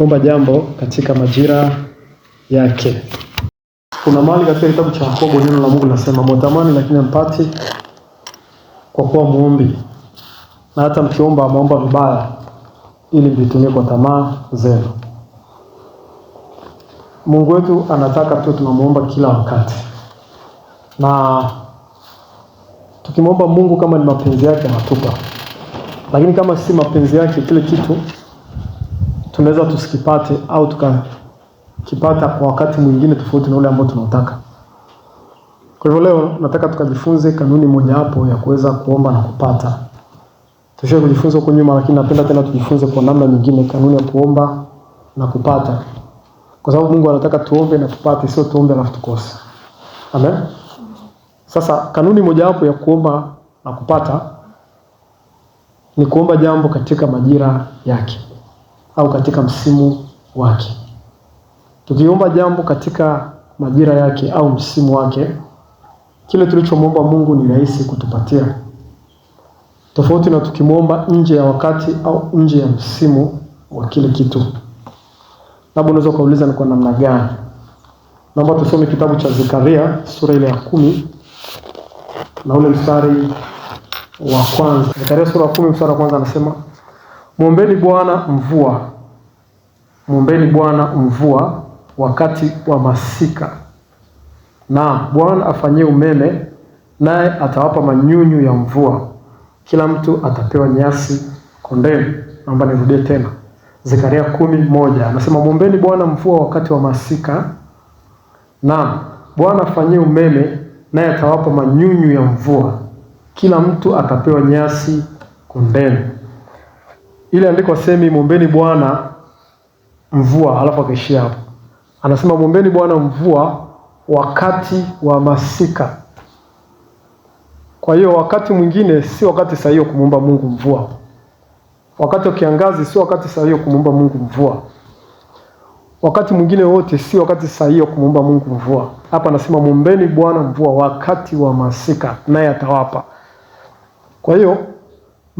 omba jambo katika majira yake. Kuna mahali katika kitabu cha Yakobo neno la Mungu linasema mwatamani, lakini hampati kwa kuwa muombi, na hata mkiomba ameomba vibaya, ili mvitumie kwa tamaa zenu. Mungu wetu anataka tu tunamuomba kila wakati, na tukimwomba Mungu kama ni mapenzi yake anatupa, lakini kama si mapenzi yake kile kitu tunaweza tusikipate au tukakipata kwa wakati mwingine tofauti na ule ambao tunataka. Kwa hivyo leo nataka tukajifunze kanuni mojawapo ya kuweza kuomba na kupata. Tushia kujifunza huko nyuma, lakini napenda tena tujifunze kwa namna nyingine kanuni ya kuomba na kupata, kwa sababu Mungu anataka tuombe na tupate, sio tuombe alafu tukose. Amen. Sasa kanuni mojawapo ya kuomba na kupata ni kuomba jambo katika majira yake au katika msimu wake. Tukiomba jambo katika majira yake au msimu wake, kile tulichomwomba Mungu ni rahisi kutupatia, tofauti na tukimwomba nje ya wakati au nje ya msimu wa kile kitu. Labda unaweza ukauliza ni kwa namna gani? Naomba tusome kitabu cha Zekaria sura ile ya kumi na ule mstari wa kwanza. Zekaria sura ya kumi mstari wa kwanza anasema Mwombeni Bwana mvua, mwombeni Bwana mvua wakati wa masika, na Bwana afanyie umeme, naye atawapa manyunyu ya mvua, kila mtu atapewa nyasi kondeni. Naomba nirudie tena, Zekaria kumi moja anasema mwombeni Bwana mvua wakati wa masika, na Bwana afanyie umeme, naye atawapa manyunyu ya mvua, kila mtu atapewa nyasi kondeni ile andiko semi mwombeni Bwana mvua, alafu akaishia hapo. Anasema mwombeni Bwana mvua wakati wa masika. Kwa hiyo wakati mwingine si wakati sahihi kumwomba Mungu mvua. Wakati wa kiangazi si wakati sahihi kumwomba Mungu mvua. Wakati mwingine wote si wakati sahihi kumwomba Mungu mvua. Hapa anasema mwombeni Bwana mvua wakati wa masika, naye atawapa. Kwa hiyo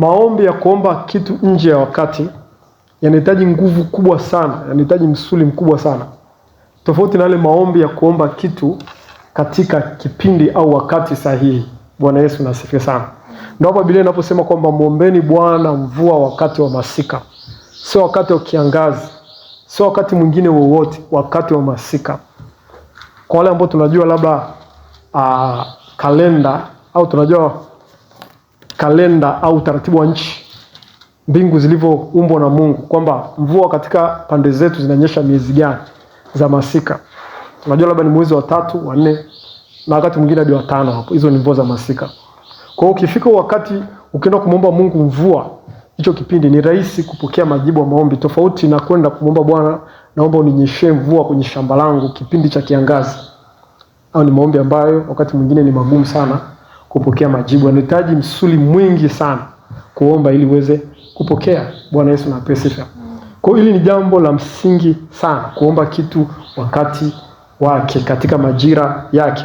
maombi ya kuomba kitu nje ya wakati yanahitaji nguvu kubwa sana, yanahitaji msuli mkubwa sana, tofauti na yale maombi ya kuomba kitu katika kipindi au wakati sahihi. Bwana Yesu nasifiwe sana. Ndio hapa Biblia inaposema kwamba mwombeni Bwana mvua wakati wa masika, sio wakati wa kiangazi, sio wakati mwingine wowote, wakati wa masika. Kwa wale ambao tunajua labda ah, kalenda au tunajua kalenda au utaratibu wa nchi, mbingu zilivyoumbwa na Mungu, kwamba mvua katika pande zetu zinanyesha miezi gani za masika. Unajua, labda ni mwezi wa tatu, wa nne na wakati mwingine hadi wa tano. Hapo hizo ni mvua za masika. Kwa hiyo ukifika wakati ukienda kumwomba Mungu mvua hicho kipindi ni rahisi kupokea majibu ya maombi, tofauti na kwenda kumwomba Bwana, naomba uninyeshe mvua kwenye shamba langu kipindi cha kiangazi. Au ni maombi ambayo wakati mwingine ni magumu sana kupokea majibu. Anahitaji msuli mwingi sana kuomba ili uweze kupokea. Bwana Yesu na Kwa hiyo hili ni jambo la msingi sana kuomba kitu wakati wake katika majira yake.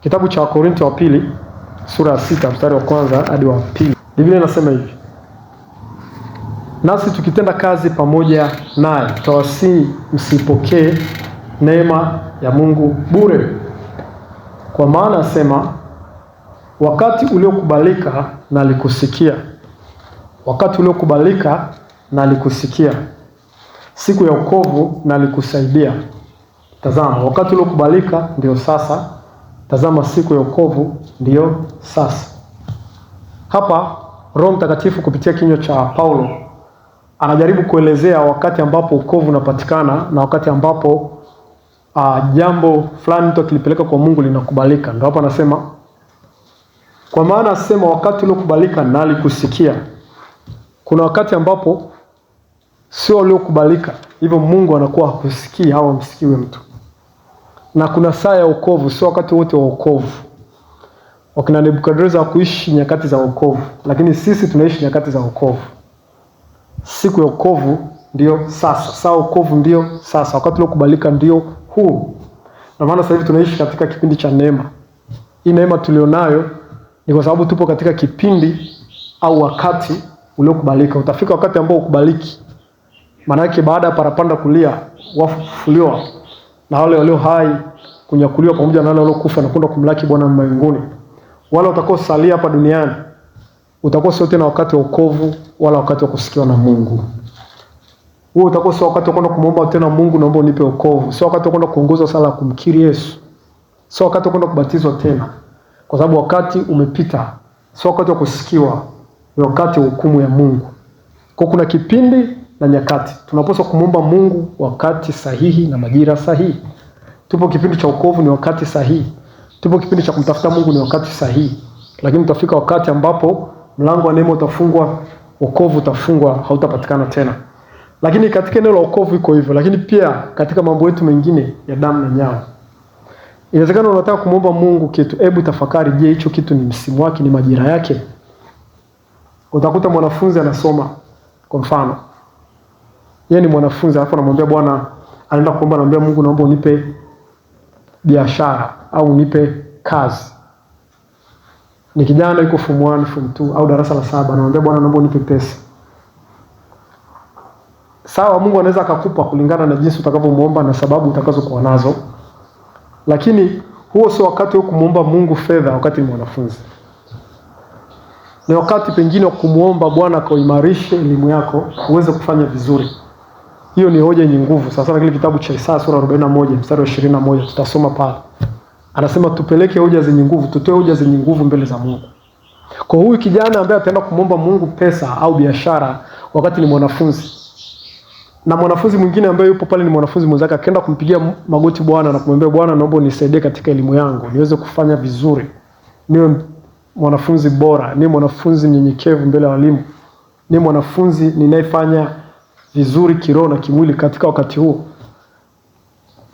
Kitabu cha Wakorinto wa pili sura ya sita mstari wa kwanza hadi wa pili. Biblia inasema hivi: nasi tukitenda kazi pamoja naye tutawasihi msipokee neema ya Mungu bure, kwa maana asema wakati uliokubalika na alikusikia, wakati uliokubalika na alikusikia, siku ya wokovu na alikusaidia. Tazama, wakati uliokubalika ndio sasa. Tazama, siku ya wokovu ndiyo sasa. Hapa Roho Mtakatifu kupitia kinywa cha Paulo anajaribu kuelezea wakati ambapo wokovu unapatikana na wakati ambapo uh, jambo fulani mtu akilipeleka kwa Mungu linakubalika. Ndio hapa anasema kwa maana asema wakati uliokubalika nalikusikia. Kuna wakati ambapo sio uliokubalika, hivyo Mungu anakuwa hakusikii au amsikiwe mtu, na kuna saa ya wokovu, sio wakati wote wa wokovu. Wakina Nebukadreza kuishi nyakati za wokovu, lakini sisi tunaishi nyakati za wokovu. Siku ya wokovu ndio sasa, saa wokovu ndio sasa, wakati uliokubalika ndio huu. Na maana sasa hivi tunaishi katika kipindi cha neema. Hii neema tulionayo ni kwa sababu tupo katika kipindi au wakati uliokubalika. Utafika wakati ambao ukubaliki, maanake baada ya parapanda kulia, wafufuliwa na wale walio hai kunyakuliwa pamoja na wale waliokufa na kwenda kumlaki Bwana mbinguni. Wale utakaosalia hapa duniani utakuwa sio tena wakati wa wokovu wala wakati wa kusikiwa na Mungu. Wewe utakuwa sio wakati wa kwenda kumwomba tena Mungu, naomba unipe wokovu. Sio wakati wa kwenda kuongoza sala ya kumkiri Yesu. Sio wakati wa kwenda kubatizwa tena kwa sababu wakati umepita, sio wakati wa kusikiwa, ni wakati wa hukumu ya Mungu. Kwa kuna kipindi na nyakati, tunapaswa kumwomba Mungu wakati sahihi na majira sahihi. Tupo kipindi cha wokovu, ni wakati sahihi. Tupo kipindi cha kumtafuta Mungu, ni wakati sahihi, lakini tutafika wakati ambapo mlango wa neema utafungwa, wokovu utafungwa, hautapatikana tena. Lakini katika eneo la wokovu iko hivyo, lakini pia katika mambo yetu mengine ya damu na nyama Inawezekana unataka kumwomba Mungu kitu, hebu tafakari, je, hicho kitu ni msimu wake, ni majira yake? Utakuta mwanafunzi anasoma kwa mfano, yeye ni mwanafunzi alafu anamwambia Bwana, anaenda kuomba, anamwambia Mungu, naomba unipe biashara au unipe kazi. Ni kijana yuko form 1 form 2 au darasa la saba, anamwambia Bwana, naomba unipe pesa. Sawa, Mungu anaweza akakupa kulingana na jinsi utakavyomuomba na sababu utakazokuwa nazo lakini huo sio wakati wa kumwomba Mungu fedha wakati ni mwanafunzi. Ni wakati pengine wa kumwomba Bwana kaimarishe elimu yako uweze kufanya vizuri. Hiyo ni hoja yenye nguvu. Sasa kile kitabu cha Isaya sura 41 mstari wa 21 tutasoma pale. Anasema tupeleke hoja zenye nguvu, tutoe hoja zenye nguvu mbele za Mungu. Kwa huyu kijana ambaye ataenda kumwomba Mungu pesa au biashara wakati ni mwanafunzi, na mwanafunzi mwingine ambaye yupo pale ni mwanafunzi mwenzake, akaenda kumpigia magoti bwana na kumwambia, bwana, naomba unisaidie katika elimu yangu niweze kufanya vizuri, niwe mwanafunzi bora, niwe mwanafunzi mnyenyekevu mbele ya walimu, niwe mwanafunzi ninayefanya vizuri kiroho na kimwili katika wakati huo.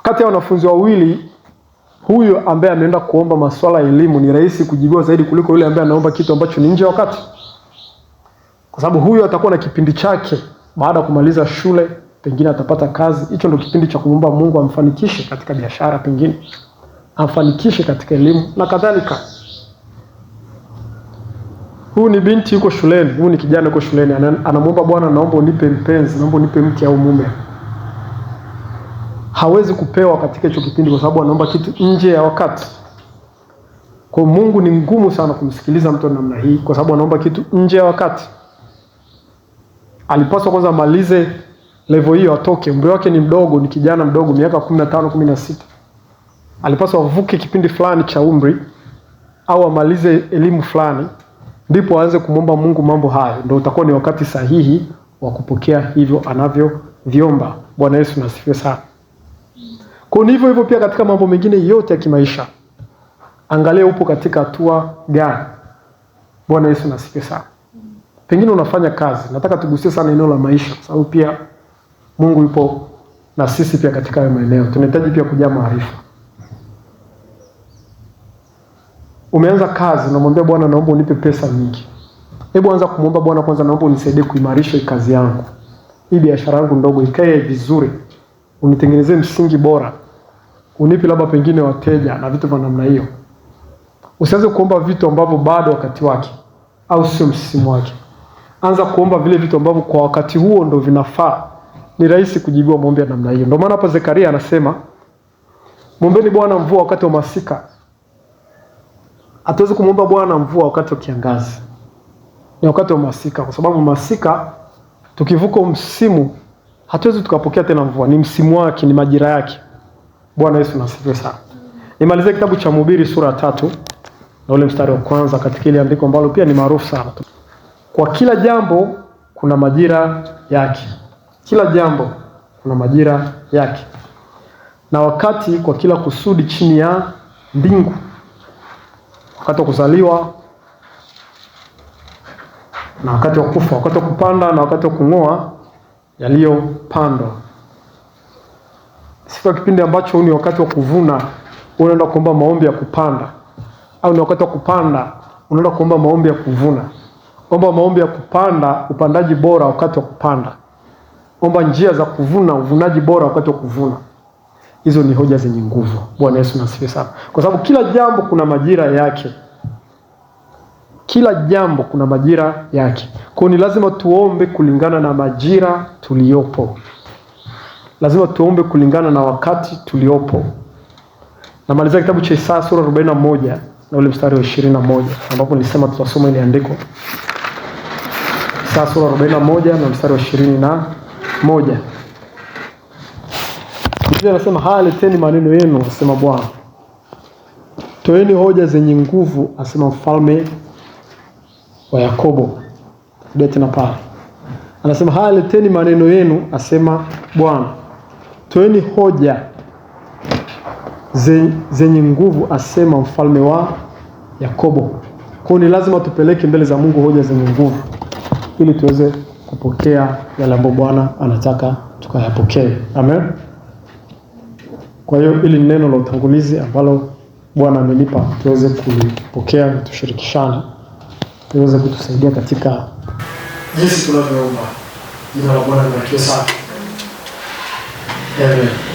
Kati ya wanafunzi wawili, huyo ambaye ameenda kuomba masuala ya elimu ni rahisi kujibiwa zaidi kuliko yule ambaye anaomba kitu ambacho ni nje wakati, kwa sababu huyo atakuwa na kipindi chake baada ya kumaliza shule pengine atapata kazi. Hicho ndio kipindi cha kumwomba Mungu amfanikishe katika biashara, pengine amfanikishe katika elimu na kadhalika. Huu ni binti yuko shuleni, huu ni kijana yuko shuleni, anamwomba Bwana, naomba unipe mpenzi, naomba unipe mke au mume. Hawezi kupewa katika hicho kipindi, kwa sababu anaomba kitu nje ya wakati. Kwa Mungu ni ngumu sana kumsikiliza mtu namna hii, kwa sababu anaomba kitu nje ya wakati alipaswa kwanza amalize level hiyo, atoke. Umri wake ni mdogo, ni kijana mdogo, miaka 15 16. Alipaswa avuke kipindi fulani cha umri au amalize elimu fulani, ndipo aanze kumwomba Mungu mambo hayo. Ndio utakuwa ni wakati sahihi wa kupokea hivyo anavyoviomba. Bwana Yesu nasifiwe sana. Kwa hivyo hivyo pia katika mambo mengine yote ya kimaisha, angalia upo katika hatua gani. Bwana Yesu nasifiwe sana pengine unafanya kazi. Nataka tugusie sana eneo la maisha, kwa sababu pia Mungu yupo na sisi pia katika hayo maeneo, tunahitaji pia kujaa maarifa. Umeanza kazi, unamwambia Bwana, naomba unipe pesa nyingi. Hebu anza kumwomba Bwana kwanza, naomba unisaidie kuimarisha hii kazi yangu, hii biashara yangu ndogo ikae vizuri, unitengenezee msingi bora, unipe labda pengine wateja na vitu vya namna hiyo. Usianze kuomba vitu ambavyo bado wakati wake au sio msimu wake anza kuomba vile vitu ambavyo kwa wakati huo ndo vinafaa. Ni rahisi kujibiwa maombi ya namna hiyo. Ndio maana hapa Zekaria anasema mwombeni Bwana mvua wakati wa masika. Hatuwezi kumwomba Bwana mvua wakati wa kiangazi, ni wakati wa masika, kwa sababu masika tukivuka msimu hatuwezi tukapokea tena mvua. Ni msimu wake, ni majira yake. Bwana Yesu nasifiwe sana. Nimalizie kitabu cha Mhubiri sura ya tatu na ule mstari wa kwanza katika ile andiko ambalo pia ni maarufu sana. Kwa kila jambo kuna majira yake, kila jambo kuna majira yake, na wakati kwa kila kusudi chini ya mbingu, wakati wa kuzaliwa na wakati wa kufa, wakati wa kupanda na wakati wa kung'oa yaliyopandwa. Siku ya kipindi ambacho ni wakati wa kuvuna, unaenda kuomba maombi ya kupanda, au ni wakati wa kupanda unaenda kuomba maombi ya kuvuna. Omba maombi ya kupanda, upandaji bora wakati wa kupanda. Omba njia za kuvuna, uvunaji bora wakati wa kuvuna. Hizo ni hoja zenye nguvu. Bwana Yesu nasifiwe sana, kwa sababu kila jambo kuna majira yake, kila jambo kuna majira yake. Kwa hiyo ni lazima tuombe kulingana na majira tuliyopo, lazima tuombe kulingana na wakati tuliyopo. Namalizia kitabu cha Isaya sura 41 na ule mstari wa 21 ambapo nilisema tutasoma ile andiko. Isaya sura 41 na mstari wa 21. Biblia inasema haya, leteni maneno yenu, asema Bwana, toeni hoja zenye nguvu, asema mfalme wa Yakobo. Ndio tena pale anasema haya, leteni maneno yenu, asema Bwana, toeni hoja zenye nguvu, asema mfalme wa Yakobo. Kwa hiyo ni lazima tupeleke mbele za Mungu hoja zenye nguvu ili tuweze kupokea yale ambayo Bwana anataka tukayapokee. Amen. Kwa hiyo ili ni neno la utangulizi ambalo Bwana amenipa tuweze kulipokea na tushirikishane, tuweze kutusaidia katika jinsi tunavyoomba. Jina la Bwana linatesana. Amen.